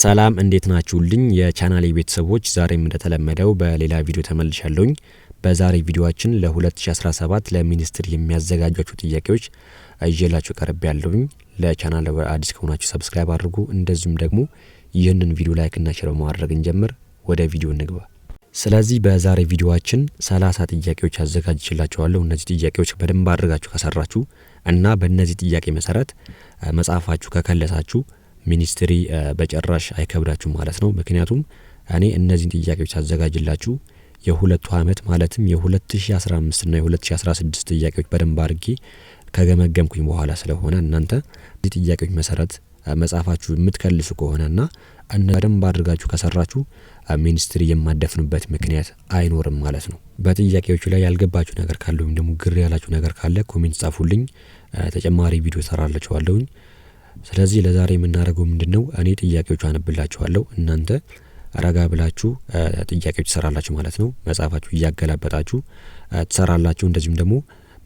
ሰላም እንዴት ናችሁልኝ? የቻናሌ ቤተሰቦች ዛሬም እንደተለመደው በሌላ ቪዲዮ ተመልሻለሁኝ። በዛሬ ቪዲዮችን ለ2017 ለሚኒስትር የሚያዘጋጇቸው ጥያቄዎች እየላችሁ ቀርብ ያለሁኝ። ለቻናል አዲስ ከሆናችሁ ሰብስክራይብ አድርጉ። እንደዚሁም ደግሞ ይህንን ቪዲዮ ላይክ እና ሼር በማድረግ እንጀምር። ወደ ቪዲዮ እንግባ። ስለዚህ በዛሬ ቪዲዮችን ሰላሳ ጥያቄዎች አዘጋጅችላችኋለሁ። እነዚህ ጥያቄዎች በደንብ አድርጋችሁ ከሰራችሁ እና በእነዚህ ጥያቄ መሰረት መጽሐፋችሁ ከከለሳችሁ ሚኒስትሪ በጭራሽ አይከብዳችሁ ማለት ነው። ምክንያቱም እኔ እነዚህን ጥያቄዎች አዘጋጅላችሁ የሁለቱ አመት ማለትም የ2015 እና የ2016 ጥያቄዎች በደንብ አድርጌ ከገመገምኩኝ በኋላ ስለሆነ እናንተ እዚህ ጥያቄዎች መሰረት መጽሐፋችሁ የምትከልሱ ከሆነ ና በደንብ አድርጋችሁ ከሰራችሁ ሚኒስትሪ የማደፍኑበት ምክንያት አይኖርም ማለት ነው። በጥያቄዎቹ ላይ ያልገባችሁ ነገር ካለ ወይም ደግሞ ግር ያላችሁ ነገር ካለ ኮሜንት ጻፉልኝ። ተጨማሪ ቪዲዮ ሰራላችኋለሁኝ። ስለዚህ ለዛሬ የምናደርገው ምንድነው? እኔ ጥያቄዎቹ አነብላችኋለሁ እናንተ ረጋ ብላችሁ ጥያቄዎች ትሰራላችሁ ማለት ነው። መጽሐፋችሁ እያገላበጣችሁ ትሰራላችሁ። እንደዚሁም ደግሞ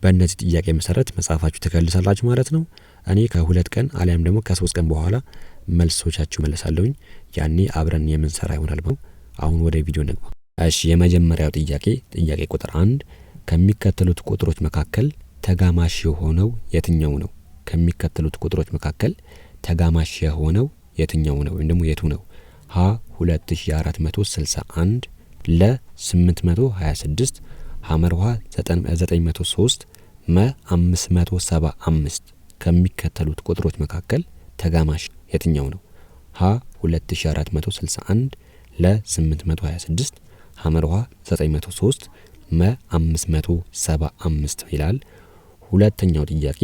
በእነዚህ ጥያቄ መሰረት መጽሐፋችሁ ትከልሳላችሁ ማለት ነው። እኔ ከሁለት ቀን አሊያም ደግሞ ከሶስት ቀን በኋላ መልሶቻችሁ መለሳለሁኝ። ያኔ አብረን የምንሰራ ይሆናል። አሁን ወደ ቪዲዮ ንግባ። እሺ፣ የመጀመሪያው ጥያቄ ጥያቄ ቁጥር አንድ ከሚከተሉት ቁጥሮች መካከል ተጋማሽ የሆነው የትኛው ነው? ከሚከተሉት ቁጥሮች መካከል ተጋማሽ የሆነው የትኛው ነው ወይም ደግሞ የቱ ነው? ሀ 2461 ለ 826 ሐመር ውሃ 903 መ 575 ከሚከተሉት ቁጥሮች መካከል ተጋማሽ የትኛው ነው? ሀ 2461 ለ 826 ሐመር ውሃ 903 መ 575 ይላል። ሁለተኛው ጥያቄ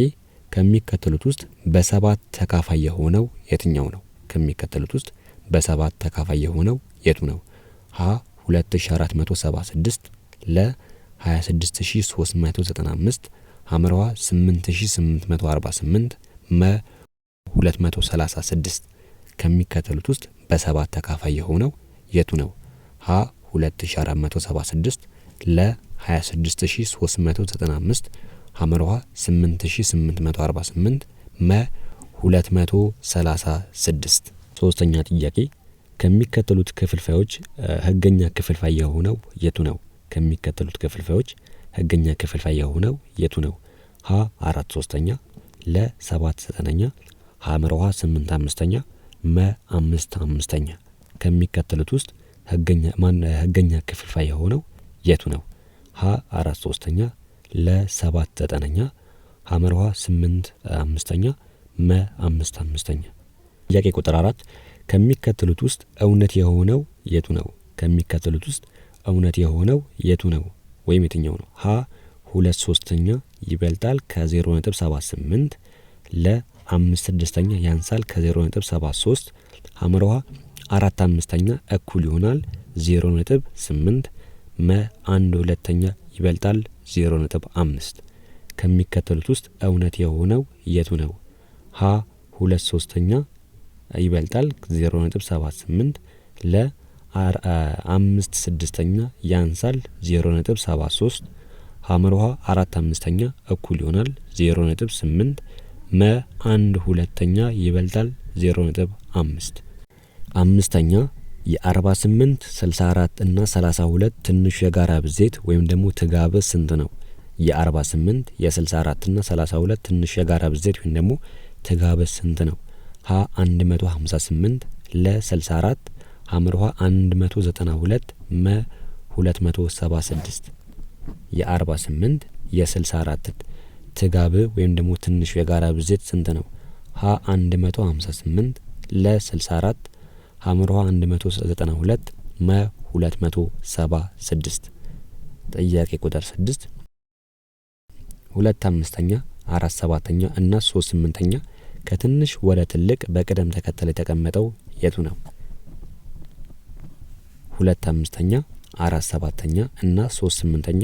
ከሚከተሉት ውስጥ በሰባት ተካፋይ የሆነው የትኛው ነው? ከሚከተሉት ውስጥ በሰባት ተካፋይ የሆነው የቱ ነው? ሀ 2476 ለ 26395 ሐምረዋ 8848 መ 236 ከሚከተሉት ውስጥ በሰባት ተካፋይ የሆነው የቱ ነው? ሀ 2476 ለ 26395 ሀመርኋ 8848 መ 236 ሶስተኛ ጥያቄ ከሚከተሉት ክፍልፋዮች ህገኛ ክፍልፋይ የሆነው የቱ ነው? ከሚከተሉት ክፍልፋዮች ህገኛ ክፍልፋይ የሆነው የቱ ነው? ሀ አራት ሶስተኛ ለ ሰባት ዘጠነኛ ሐ መርኋ ስምንት አምስተኛ መ አምስት አምስተኛ ከሚከተሉት ውስጥ ህገኛ ክፍልፋይ የሆነው የቱ ነው? ሀ አራት ሶስተኛ ለሰባት ዘጠነኛ ሀመርሃ ስምንት አምስተኛ መ አምስት አምስተኛ። ጥያቄ ቁጥር አራት ከሚከተሉት ውስጥ እውነት የሆነው የቱ ነው? ከሚከተሉት ውስጥ እውነት የሆነው የቱ ነው ወይም የትኛው ነው? ሀ ሁለት ሶስተኛ ይበልጣል ከዜሮ ነጥብ ሰባት ስምንት ለ አምስት ስድስተኛ ያንሳል ከዜሮ ነጥብ ሰባት ሶስት ሀመርሃ አራት አምስተኛ እኩል ይሆናል ዜሮ ነጥብ ስምንት መ አንድ ሁለተኛ ይበልጣል ዜሮ ነጥብ አምስት ከሚከተሉት ውስጥ እውነት የሆነው የቱ ነው? ሀ ሁለት ሶስተኛ ይበልጣል ዜሮ ነጥብ ሰባት ስምንት ለ አምስት ስድስተኛ ያንሳል ዜሮ ነጥብ ሰባት ሶስት ሀመርሃ አራት አምስተኛ እኩል ይሆናል ዜሮ ነጥብ ስምንት መ አንድ ሁለተኛ ይበልጣል ዜሮ ነጥብ አምስት አምስተኛ የ48 64 እና 32 ትንሹ የጋራ ብዜት ወይም ደግሞ ትጋብ ስንት ነው? የ48 የ64 እና 32 ትንሹ የጋራ ብዜት ወይም ደግሞ ትጋብ ስንት ነው? ሀ 158 ለ 64 ሀምርሃ 192 መ 276 የ48 የ64 ትጋብ ወይም ደግሞ ትንሹ የጋራ ብዜት ስንት ነው? ሀ 158 ለ 64 ሀምሮሃ 192 መ 276 ጥያቄ ቁጥር 6 ሁለት አምስተኛ አራት ሰባተኛ እና ሶስት ስምንተኛ ከትንሽ ወደ ትልቅ በቅደም ተከተል የተቀመጠው የቱ ነው? ሁለት አምስተኛ አራት ሰባተኛ እና ሶስት ስምንተኛ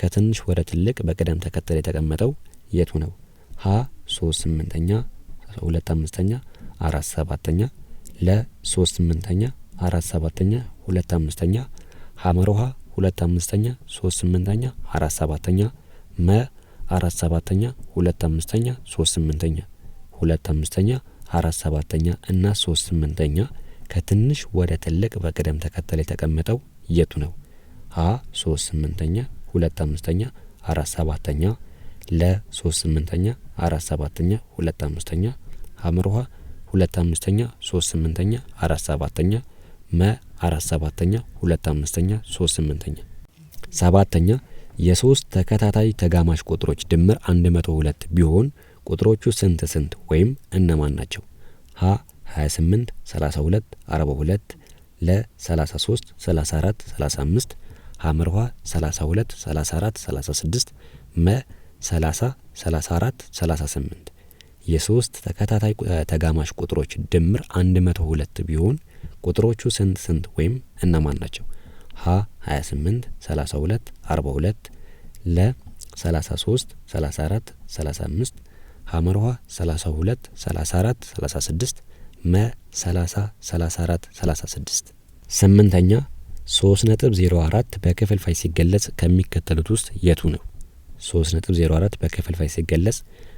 ከትንሽ ወደ ትልቅ በቅደም ተከተል የተቀመጠው የቱ ነው? ሀ ሶስት ስምንተኛ ሁለት አምስተኛ አራት ሰባተኛ ለሶስት ስምንተኛ አራት ሰባተኛ ሁለት አምስተኛ ሀመር ውሃ ሁለት አምስተኛ ሶስት ስምንተኛ አራት ሰባተኛ መ አራት ሰባተኛ ሁለት አምስተኛ ሶስት ስምንተኛ ሁለት አምስተኛ አራት ሰባተኛ እና ሶስት ስምንተኛ ከትንሽ ወደ ትልቅ በቅደም ተከተል የተቀመጠው የቱ ነው? ሀ ሶስት ስምንተኛ ሁለት አምስተኛ አራት ሰባተኛ ለ ሶስት ስምንተኛ አራት ሰባተኛ ሁለት አምስተኛ ሀመር ውሃ ሁለት አምስተኛ ሶስት ስምንተኛ አራት ሰባተኛ መ አራት ሰባተኛ ሁለት አምስተኛ ሶስት ስምንተኛ ሰባተኛ የሶስት ተከታታይ ተጋማሽ ቁጥሮች ድምር አንድ መቶ ሁለት ቢሆን ቁጥሮቹ ስንት ስንት ወይም እነማን ናቸው? ሀ 28 32 42 ለ 33 34 35 ሐመርኋ 32 34 36 መ 30 34 38 የሶስት ተከታታይ ተጋማሽ ቁጥሮች ድምር 102 ቢሆን ቁጥሮቹ ስንት ስንት ወይም እነማን ናቸው? ሀ 28 32 42 ለ 33 34 35 ሐመርሃ 32 34 36 መ 30 34 36 ስምንተኛ 3.04 በክፍልፋይ ሲገለጽ ከሚከተሉት ውስጥ የቱ ነው? 3.04 በክፍልፋይ ሲገለጽ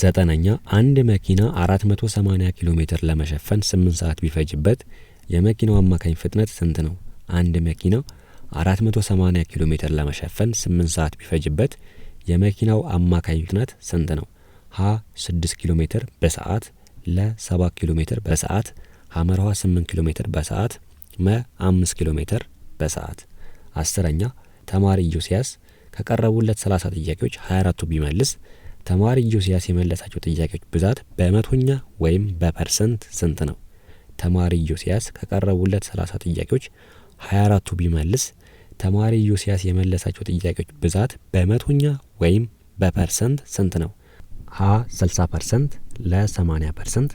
ዘጠነኛ አንድ መኪና 480 ኪሎ ሜትር ለመሸፈን 8 ሰዓት ቢፈጅበት የመኪናው አማካኝ ፍጥነት ስንት ነው? አንድ መኪና 480 ኪሎ ሜትር ለመሸፈን 8 ሰዓት ቢፈጅበት የመኪናው አማካኝ ፍጥነት ስንት ነው? ሀ 6 ኪሎ ሜትር በሰዓት ለ 7 ኪሎ ሜትር በሰዓት ሐመርሃ 8 ኪሎ ሜትር በሰዓት መ 5 ኪሎ ሜትር በሰዓት። አስረኛ ተማሪ ኢዮስያስ ከቀረቡለት 30 ጥያቄዎች 24ቱ ቢመልስ ተማሪ ጆሲያስ የመለሳቸው ጥያቄዎች ብዛት በመቶኛ ወይም በፐርሰንት ስንት ነው? ተማሪ ጆሲያስ ከቀረቡለት 30 ጥያቄዎች 24ቱ ቢመልስ ተማሪ ጆሲያስ የመለሳቸው ጥያቄዎች ብዛት በመቶኛ ወይም በፐርሰንት ስንት ነው? ሀ 60 ፐርሰንት፣ ለ 80 ፐርሰንት፣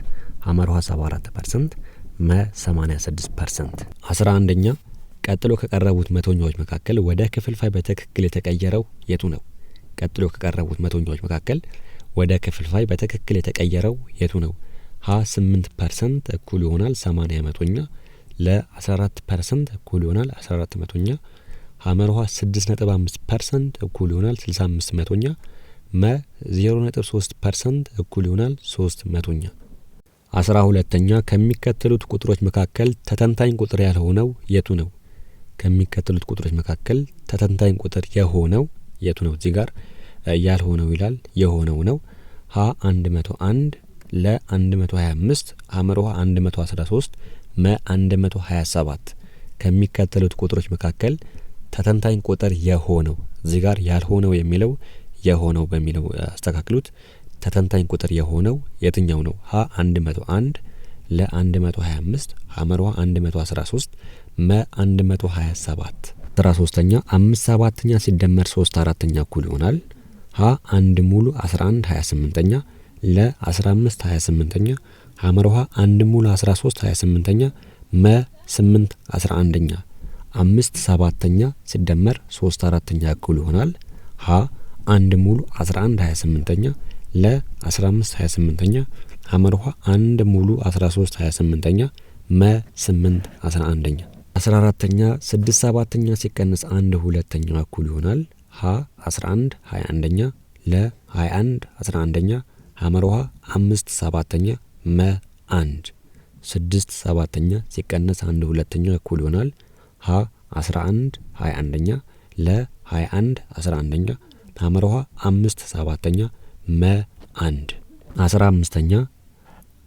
አመርሃ 74 ፐርሰንት፣ መ 86 ፐርሰንት። 11ኛ ቀጥሎ ከቀረቡት መቶኛዎች መካከል ወደ ክፍልፋይ በትክክል የተቀየረው የቱ ነው? ቀጥሎ ከቀረቡት መቶኛዎች መካከል ወደ ክፍልፋይ በትክክል የተቀየረው የቱ ነው? ሀ 8 ፐርሰንት እኩል ይሆናል 80 መቶኛ፣ ለ 14 ፐርሰንት እኩል ይሆናል 14 መቶኛ፣ ሀመርሃ 6.5 ፐርሰንት እኩል ይሆናል 65 መቶኛ፣ መ 0.3 ፐርሰንት እኩል ይሆናል 3 መቶኛ። አስራ ሁለተኛ ከሚከተሉት ቁጥሮች መካከል ተተንታኝ ቁጥር ያልሆነው የቱ ነው? ከሚከተሉት ቁጥሮች መካከል ተተንታኝ ቁጥር የሆነው የቱ ነው? እዚህ ጋር ያልሆነው ይላል የሆነው ነው። ሀ 101 ለ 125 ሐመር ውሃ 113 መ 127 ከሚከተሉት ቁጥሮች መካከል ተተንታኝ ቁጥር የሆነው እዚህ ጋር ያልሆነው የሚለው የሆነው በሚለው አስተካክሉት። ተተንታኝ ቁጥር የሆነው የትኛው ነው? ሀ 101 ለ 125 ሐመር ውሃ 113 መ 127 አስራ ሶስተኛ አምስት ሰባተኛ ሲደመር ሶስት አራተኛ እኩል ይሆናል። ሀ አንድ ሙሉ አስራ አንድ ሀያ ስምንተኛ ለ አስራ አምስት ሀያ ስምንተኛ ሐመር ውሃ አንድ ሙሉ አስራ ሶስት ሀያ ስምንተኛ መ ስምንት አስራ አንደኛ አምስት ሰባተኛ ሲደመር ሶስት አራተኛ እኩል ይሆናል። ሀ አንድ ሙሉ አስራ አንድ ሀያ ስምንተኛ ለ አስራ አምስት ሀያ ስምንተኛ ሐመር ውሃ አንድ ሙሉ አስራ ሶስት ሀያ ስምንተኛ መ ስምንት አስራ አንደኛ አስራ አራተኛ ስድስት ሰባተኛ ሲቀንስ አንድ ሁለተኛው እኩል ይሆናል ሀ አስራ አንድ ሀያ አንደኛ ለ ሀያ አንድ አስራ አንደኛ ሀመር ውሃ አምስት ሰባተኛ መ አንድ ስድስት ሰባተኛ ሲቀነስ አንድ ሁለተኛ እኩል ይሆናል ሀ አስራ አንድ ሀያ አንደኛ ለ ሀያ አንድ አስራ አንደኛ ሀመር ውሃ አምስት ሰባተኛ መ አንድ አስራ አምስተኛ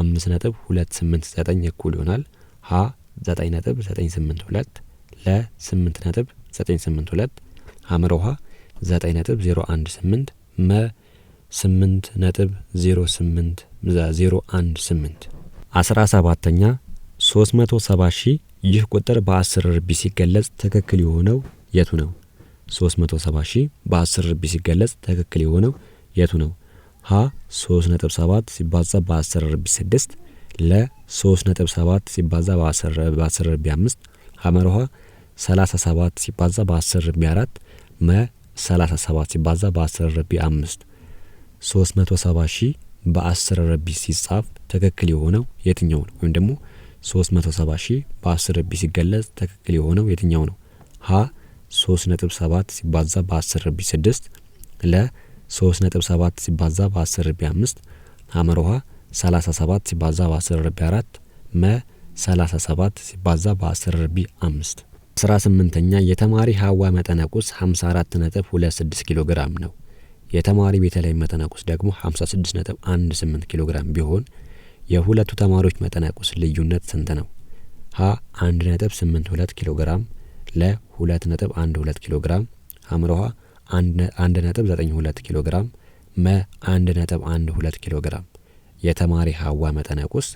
አምስት ነጥብ ሁለት ስምንት ዘጠኝ እኩል ይሆናል ሀ ዘጠኝ ነጥብ ዘጠኝ ስምንት ሁለት ለ ስምንት ነጥብ ዘጠኝ ስምንት ሁለት ሐመር ውሃ ዘጠኝ ነጥብ ዜሮ አንድ ስምንት መ ስምንት ነጥብ ዜሮ ስምንት ዜሮ አንድ ስምንት አስራ ሰባተኛ ሶስት መቶ ሰባ ሺህ ይህ ቁጥር በአስር ርቢ ሲገለጽ ትክክል የሆነው የቱ ነው? 370 ሺህ በ10 ርቢ ሲገለጽ ትክክል የሆነው የቱ ነው? ሀ 3.7 ሲባዛ በ10 ርቢ 6 ለ 3.7 ሲባዛ በ10 ርቢ 5 ሀመርሃ 37 ሲባዛ በ10 ርቢ 4 መ 37 ሲባዛ በ10 ርቢ 5 370 ሺ በ10 ርቢ ሲጻፍ ትክክል የሆነው የትኛው ነው? ወይም ደግሞ 370 ሺ በ10 ርቢ ሲገለጽ ትክክል የሆነው የትኛው ነው? ሀ 3.7 ሲባዛ በ10 ርቢ 6 ለ ሶስት ነጥብ ሰባት ሲባዛ በአስር ርቢ አምስት ሀመር ውሃ ሰላሳ ሰባት ሲባዛ በአስር ርቢ አራት መ ሰላሳ ሰባት ሲባዛ በአስር ርቢ አምስት አስራ ስምንተኛ የተማሪ ሀዋ መጠነ ቁስ ሀምሳ አራት ነጥብ ሁለት ስድስት ኪሎ ግራም ነው። የተማሪ ቤተልሔም መጠነ ቁስ ደግሞ ሀምሳ ስድስት ነጥብ አንድ ስምንት ኪሎ ግራም ቢሆን የሁለቱ ተማሪዎች መጠነ ቁስ ልዩነት ስንት ነው? ሀ አንድ ነጥብ ስምንት ሁለት ኪሎ ግራም ለ ሁለት ነጥብ አንድ ሁለት ኪሎ ግራም ሀምሮሃ አንድ ነጥብ ዘጠኝ ሁለት ኪሎ ግራም መ አንድ ነጥብ አንድ ሁለት ኪሎ ግራም የተማሪ ሀዋ መጠነ ቁስ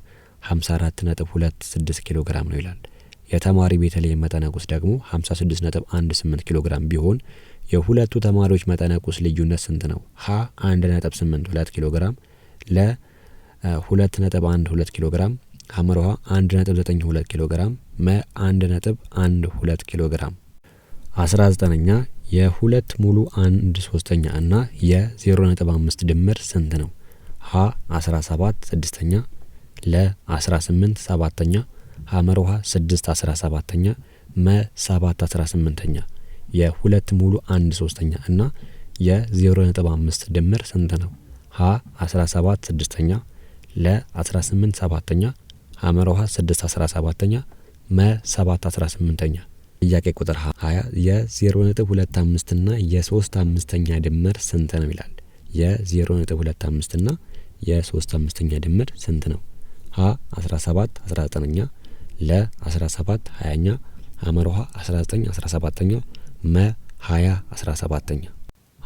54 ነጥብ 26 ኪሎ ግራም ነው ይላል። የተማሪ ቤተልሔም መጠነ ቁስ ደግሞ 56 ነጥብ ኪሎ ግራም ቢሆን የሁለቱ ተማሪዎች መጠነ ቁስ ልዩነት ስንት ነው? ሀ 1 ነጥብ ኪሎ ግራም ለ 2 ነጥብ ኪሎ ግራም ሐመር ውሃ ነጥብ ኪሎ ግራም መ 1 ነጥብ ኪሎ ግራም አስራ ዘጠነኛ የሁለት ሙሉ አንድ ሶስተኛ እና የዜሮ ነጥብ አምስት ድምር ስንት ነው? ሀ አስራ ሰባት ስድስተኛ ለ አስራ ስምንት ሰባተኛ ሀመርሃ ስድስት አስራ ሰባተኛ መ ሰባት አስራ ስምንተኛ የሁለት ሙሉ አንድ ሶስተኛ እና የዜሮ ነጥብ አምስት ድምር ስንት ነው? ሀ አስራ ሰባት ስድስተኛ ለ አስራ ስምንት ሰባተኛ ሀመርሃ ስድስት አስራ ሰባተኛ መ ሰባት አስራ ስምንተኛ ጥያቄ ቁጥር 20 የ0.25 እና የ3 አምስተኛ ድምር ስንት ነው ይላል። የ0.25 እና የ3 አምስተኛ ድምር ስንት ነው? ሀ 17 19ኛ፣ ለ 17 20ኛ፣ አመርሃ 19 17ኛ፣ መ 20 17ኛ።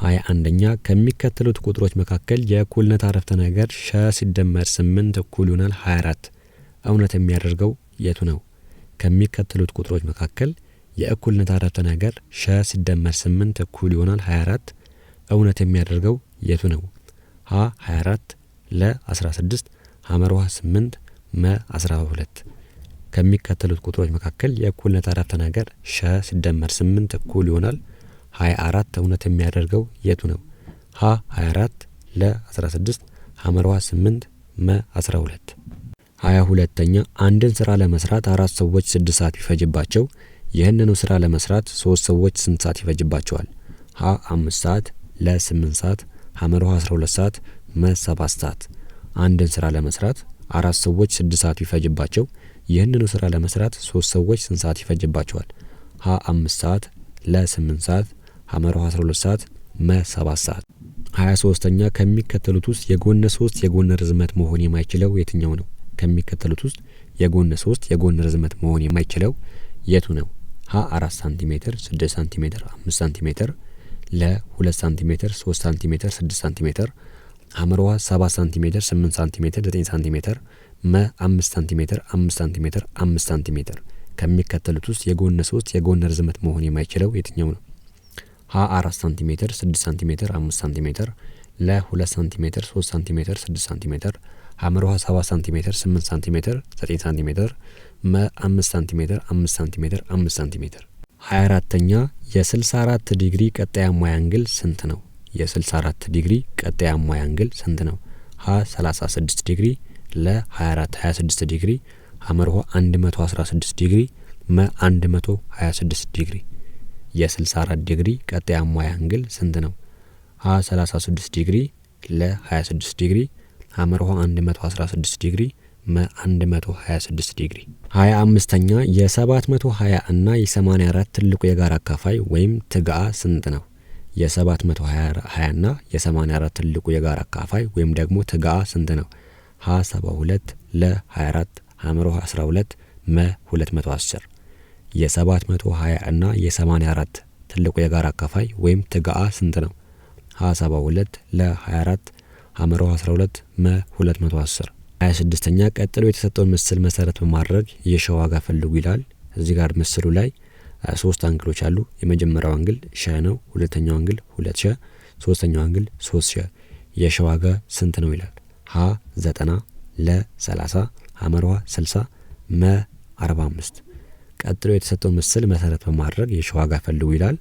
21ኛ ከሚከተሉት ቁጥሮች መካከል የእኩልነት አረፍተ ነገር ሸ ሲደመር 8 እኩል ይሆናል 24 እውነት የሚያደርገው የቱ ነው? ከሚከተሉት ቁጥሮች መካከል የእኩልነት አረፍተ ነገር ሸ ሲደመር ስምንት እኩል ይሆናል 24። እውነት የሚያደርገው የቱ ነው? ሀ 24 ለ 16 ሐመርሃ 8 መ 12። ከሚከተሉት ቁጥሮች መካከል የእኩልነት አረፍተ ነገር ሸ ሲደመር ስምንት እኩል ይሆናል 24 እውነት የሚያደርገው የቱ ነው? ሀ 24 ለ 16 ሐመርሃ 8 መ 12። ሀያ ሁለተኛ አንድን ስራ ለመስራት አራት ሰዎች ስድስት ሰዓት ቢፈጅባቸው ይህንኑ ስራ ለመስራት ሶስት ሰዎች ስንት ሰዓት ይፈጅባቸዋል? ሀ አምስት ሰዓት፣ ለ ስምንት ሰዓት፣ ሐመርሃ አስራ ሁለት ሰዓት፣ መ ሰባት ሰዓት። አንድን ስራ ለመስራት አራት ሰዎች ስድስት ሰዓት ቢፈጅባቸው ይህንኑ ስራ ለመስራት ሶስት ሰዎች ስንት ሰዓት ይፈጅባቸዋል? ሀ አምስት ሰዓት፣ ለ ስምንት ሰዓት፣ ሐመርሃ አስራ ሁለት ሰዓት፣ መ ሰባት ሰዓት። ሀያ ሶስተኛ ከሚከተሉት ውስጥ የጎነ ሶስት የጎነ ርዝመት መሆን የማይችለው የትኛው ነው? ከሚከተሉት ውስጥ የጎነ ሶስት የጎነ ርዝመት መሆን የማይችለው የቱ ነው? ሀ አራት ሳንቲሜትር ስድስት ሳንቲሜትር አምስት ሳንቲሜትር ለ ሁለት ሳንቲሜትር ሶስት ሳንቲሜትር ስድስት ሳንቲሜትር ሐመርዋ ሰባት ሳንቲሜትር ስምንት ሳንቲሜትር ዘጠኝ ሳንቲሜትር መ አምስት ሳንቲሜትር አምስት ሳንቲሜትር አምስት ሳንቲሜትር ከሚከተሉት ውስጥ የጎን ሶስት የጎን ርዝመት መሆን የማይችለው የትኛው ነው? ሀ አራት ሳንቲሜትር ስድስት ሳንቲሜትር አምስት ሳንቲሜትር ለ ሁለት ሳንቲሜትር ሶስት ሳንቲሜትር ስድስት ሳንቲሜትር ሀምሮሃ 7 ሳንቲሜትር 8 ሳንቲሜትር 9 ሳንቲሜትር መ 5 ሳንቲሜትር 5 ሳንቲሜትር 5 ሳንቲሜትር 24ተኛ የ64 ዲግሪ ቀጣያ አሟያ አንግል ስንት ነው? የ64 ዲግሪ ቀጣይ አሟያ አንግል ስንት ነው? ሀ 36 ዲግሪ ለ 24 26 ዲግሪ ሀመርሆ 116 ዲግሪ መ 126 ዲግሪ የ64 ዲግሪ ቀጣይ አሟያ አንግል ስንት ነው? ሀ 36 ዲግሪ ለ 26 ዲግሪ አምርሖ 116 ዲግሪ 126 ዲግሪ። 25ኛ የ720 እና የ84 ትልቁ የጋራ አካፋይ ወይም ትግአ ስንት ነው። የ720 እና የ84 ትልቁ የጋራ አካፋይ ወይም ደግሞ ትግአ ስንት ነው? ሀ 72 ለ 24 አምርሖ 12 መ 210 የ720 እና የ84 ትልቁ የጋራ አካፋይ ወይም ትግአ ስንት ነው? ሀ 72 ለ 24 አምሮ 12 መ 210 26ኛ ቀጥሎ የተሰጠውን ምስል መሰረት በማድረግ የሸ ዋጋ ፈልጉ ይላል። እዚህ ጋር ምስሉ ላይ ሶስት አንግሎች አሉ። የመጀመሪያው አንግል ሸ ነው። ሁለተኛው አንግል ሁለት ሸ፣ ሶስተኛው አንግል ሶስት ሸ። የሸ ዋጋ ስንት ነው ይላል። ሀ 90፣ ለ 30፣ ሐመሯ 60፣ መ 45። ቀጥሎ የተሰጠውን ምስል መሰረት በማድረግ የሸ ዋጋ ፈልጉ ይላል።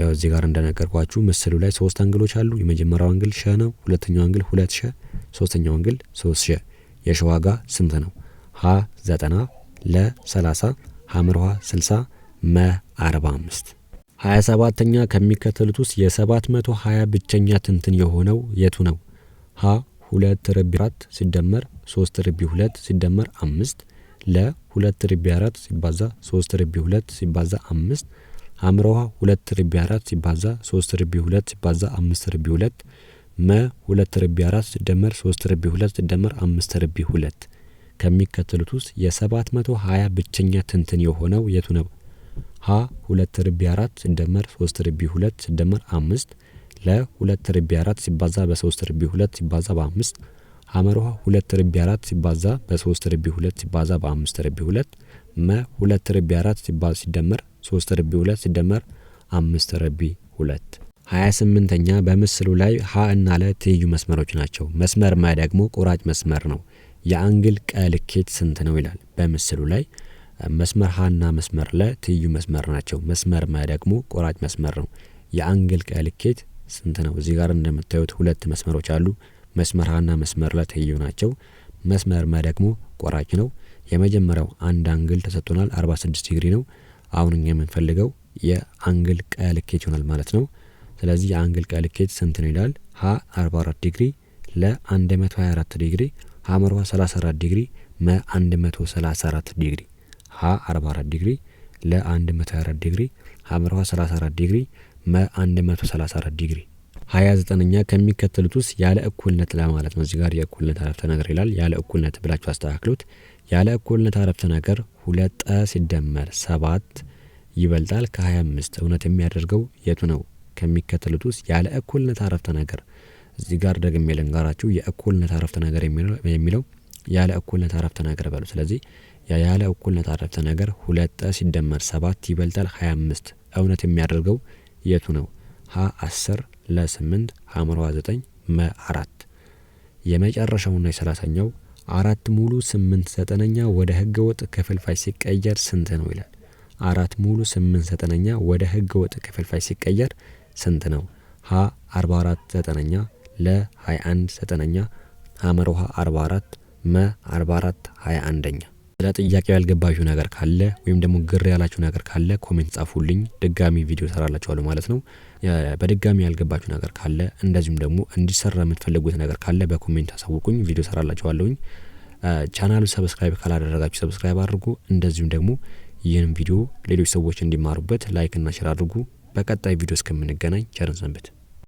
ያው እዚህ ጋር እንደነገርኳችሁ ምስሉ ላይ ሶስት አንግሎች አሉ። የመጀመሪያው አንግል ሸ ነው። ሁለተኛው አንግል ሁለት ሸ፣ ሶስተኛው አንግል ሶስት ሸ። የሸ ዋጋ ስንት ነው? ሀ ዘጠና ለ ሰላሳ ሀምርሃ ስልሳ መ አርባ አምስት ሀያ ሰባተኛ ከሚከተሉት ውስጥ የሰባት መቶ ሀያ ብቸኛ ትንትን የሆነው የቱ ነው? ሀ ሁለት ርቢ አራት ሲደመር ሶስት ርቢ ሁለት ሲደመር አምስት ለ ሁለት ርቢ አራት ሲባዛ ሶስት ርቢ ሁለት ሲባዛ አምስት ሀምሮሃ ሁለት ርቢ አራት ሲባዛ ሶስት ርቢ ሁለት ሲባዛ አምስት ርቢ ሁለት መ ሁለት ርቢ አራት ሲደመር ሶስት ርቢ ሁለት ሲደመር አምስት ርቢ ሁለት ከሚከተሉት ውስጥ የሰባት መቶ ሀያ ብቸኛ ትንትን የሆነው የቱ ነው? ሀ ሁለት ርቢ አራት ሲደመር ሶስት ርቢ ሁለት ሲደመር አምስት ለ ሁለት ርቢ አራት ሲባዛ በሶስት ርቢ ሁለት ሲባዛ በአምስት ሀመርሃ ሁለት ርቢ አራት ሲባዛ በሶስት ርቢ ሁለት ሲባዛ በአምስት ርቢ ሁለት መ ሁለት ርቢ አራት ሲደመር ሶስት ርቢ ሁለት ሲደመር አምስት ርቢ ሁለት። ሀያ ስምንተኛ በምስሉ ላይ ሀ እና ለ ትይዩ መስመሮች ናቸው። መስመር ማ ደግሞ ቁራጭ መስመር ነው። የአንግል ቀ ልኬት ስንት ነው ይላል። በምስሉ ላይ መስመር ሀ እና መስመር ለ ትይዩ መስመር ናቸው። መስመር መ ደግሞ ቁራጭ መስመር ነው። የአንግል ቀ ልኬት ስንት ነው? እዚህ ጋር እንደምታዩት ሁለት መስመሮች አሉ። መስመር ሀ እና መስመር ለ ትይዩ ናቸው። መስመር መ ደግሞ ቆራጭ ነው። የመጀመሪያው አንድ አንግል ተሰጥቶናል 46 ዲግሪ ነው። አሁን እኛ የምንፈልገው የአንግል ቀያ ልኬት ይሆናል ማለት ነው። ስለዚህ የአንግል ቀያ ልኬት ስንት ነው ይላል። ሀ 44 ዲግሪ ለ 124 ዲግሪ ሐመር 34 ዲግሪ መ 134 ዲግሪ ሀ 44 ዲግሪ ለ 124 ዲግሪ ሐመር 34 ዲግሪ መ 134 ዲግሪ ሀያ ዘጠነኛ ከሚከተሉት ውስጥ ያለ እኩልነት ለማለት ነው። እዚህ ጋር የእኩልነት አረፍተ ነገር ይላል። ያለ እኩልነት ብላችሁ አስተካክሉት። ያለ እኩልነት አረፍተ ነገር ሁለት ጠ ሲደመር ሰባት ይበልጣል ከሀያ አምስት እውነት የሚያደርገው የቱ ነው? ከሚከተሉት ውስጥ ያለ እኩልነት አረፍተ ነገር እዚህ ጋር ደግሜ ልንገራችሁ። የእኩልነት አረፍተ ነገር የሚለው ያለ እኩልነት አረፍተ ነገር በሉ። ስለዚህ ያለ እኩልነት አረፍተ ነገር ሁለት ጠ ሲደመር ሰባት ይበልጣል ሀያ አምስት እውነት የሚያደርገው የቱ ነው? ሀ አስር ለ8 ሐምሯ 9 መ አራት የመጨረሻውና የሰላሳኛው አራት ሙሉ ስምንት ዘጠነኛ ወደ ህገ ወጥ ክፍልፋይ ሲቀየር ስንት ነው ይላል። አራት ሙሉ ስምንት ዘጠነኛ ወደ ህገ ወጥ ክፍልፋይ ሲቀየር ስንት ነው? ሀ 44 ዘጠነኛ ለ 21 ዘጠነኛ ሐመር ውሃ 44 መ 44 21ኛ ለጥያቄው ያልገባችሁ ነገር ካለ ወይም ደግሞ ግር ያላችሁ ነገር ካለ ኮሜንት ጻፉልኝ። ድጋሚ ቪዲዮ ሰራላችኋለሁ ማለት ነው። በድጋሚ ያልገባችሁ ነገር ካለ እንደዚሁም ደግሞ እንዲሰራ የምትፈልጉት ነገር ካለ በኮሜንት አሳውቁኝ፣ ቪዲዮ ሰራላችኋለሁኝ። ቻናሉ ሰብስክራይብ ካላደረጋችሁ ሰብስክራይብ አድርጉ። እንደዚሁም ደግሞ ይህን ቪዲዮ ሌሎች ሰዎች እንዲማሩበት ላይክ እና ሼር አድርጉ። በቀጣይ ቪዲዮ እስከምንገናኝ ቸርን ሰንብት።